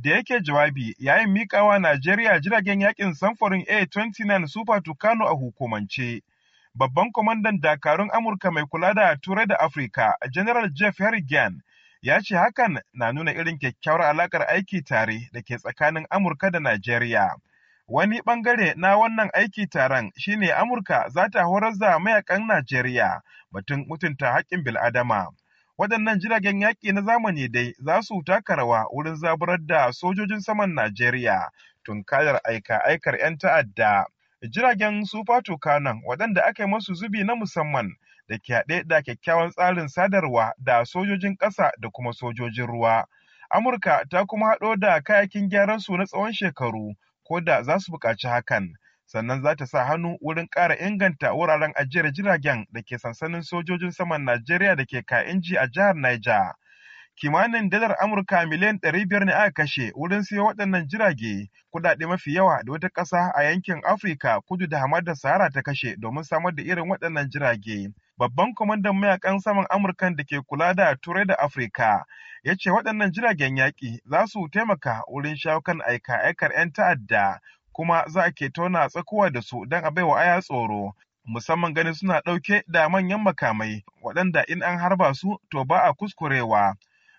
Da yake jawabi yayin miƙawa Najeriya jiragen yakin samfurin A-29 Super Tucano a hukumance, babban kwamandan dakarun Amurka mai kula da Turai da Afirka, General Jeff Harrigan, ya ce hakan na nuna irin kyakkyawar alaƙar aiki tare da ke tsakanin Amurka da Najeriya. Wani ɓangare na wannan aiki taron shine Amurka za ta horar da mayakan Najeriya batun mutunta haƙƙin bil'adama. Waɗannan jiragen yaƙi na zamani dai za su taka rawa wurin zaburar da sojojin saman Najeriya tunkayar aika-aikar 'yan ta'adda. Jiragen Super Tucanan waɗanda aka yi masu zubi na musamman da ke haɗe da kyakkyawan tsarin sadarwa da sojojin ƙasa da kuma sojojin ruwa. Amurka ta kuma haɗo da kayakin gyaran su na tsawon shekaru ko da za su buƙaci hakan sannan za ta sa hannu wurin ƙara inganta wuraren ajiyar jiragen da ke sansanin sojojin saman Najeriya da ke ka inji a jihar Niger. Kimanin dalar Amurka miliyan ɗari biyar ne aka kashe wurin siyo waɗannan jirage, kuɗaɗe mafi yawa da wata ƙasa a yankin Afirka kudu da hamadar Sahara ta kashe domin samar da irin waɗannan jirage. Babban kwamandan mayakan saman Amurkan da ke kula da Turai da Afirka ya ce waɗannan jiragen yaƙi za su taimaka wurin shawo kan aika-aikar 'yan ta'adda kuma za a ke tona tsakuwa da su don a baiwa aya tsoro musamman ganin suna ɗauke da manyan makamai waɗanda in an harba su to ba a kuskurewa.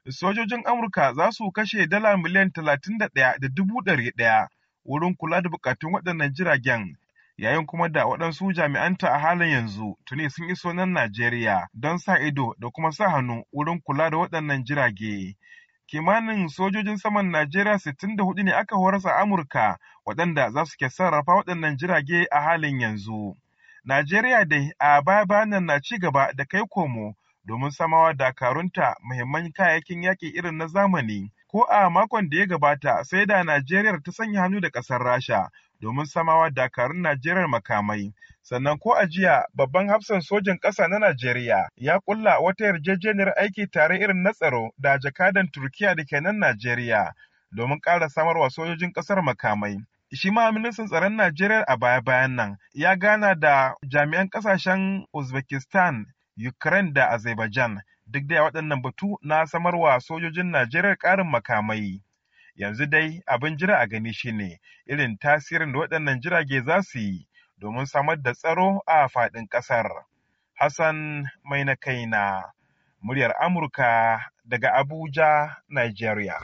Sojojin Amurka za su kashe dala miliyan talatin da ɗaya da dubu ɗari ɗaya wurin kula da bukatun waɗannan jiragen yayin kuma da waɗansu jami'anta a halin yanzu tuni sun iso nan Najeriya don sa ido da kuma sa hannu wurin kula da waɗannan jirage. Kimanin sojojin saman Najeriya 64 ne aka horasa a Amurka waɗanda za su ke sarrafa waɗannan jirage a halin yanzu. Najeriya dai a bayan na ci gaba da kai komo domin samawa dakarunta muhimman kayayyakin yaƙi irin na zamani. Ko a makon da ya gabata sai da Najeriya ta sanya hannu da ƙasar Rasha domin samawa dakarun Najeriya makamai. Sannan ko a jiya babban hafsan sojin ƙasa na Najeriya ya ƙulla wata yarjejeniyar aiki tare irin na tsaro da jakadan Turkiya da ke nan Najeriya domin ƙara samarwa sojojin ƙasar makamai. shi ma ministan tsaron Najeriya a baya-bayan nan ya gana da jami'an ƙasashen Uzbekistan Ukraine da Azerbaijan duk da waɗannan batu na samarwa sojojin Najeriya ƙarin makamai. Yanzu dai abin jira a gani shine irin tasirin da waɗannan jirage za su yi domin samar da tsaro a faɗin ƙasar. Hassan mai na kaina, muryar Amurka daga Abuja, Najeriya.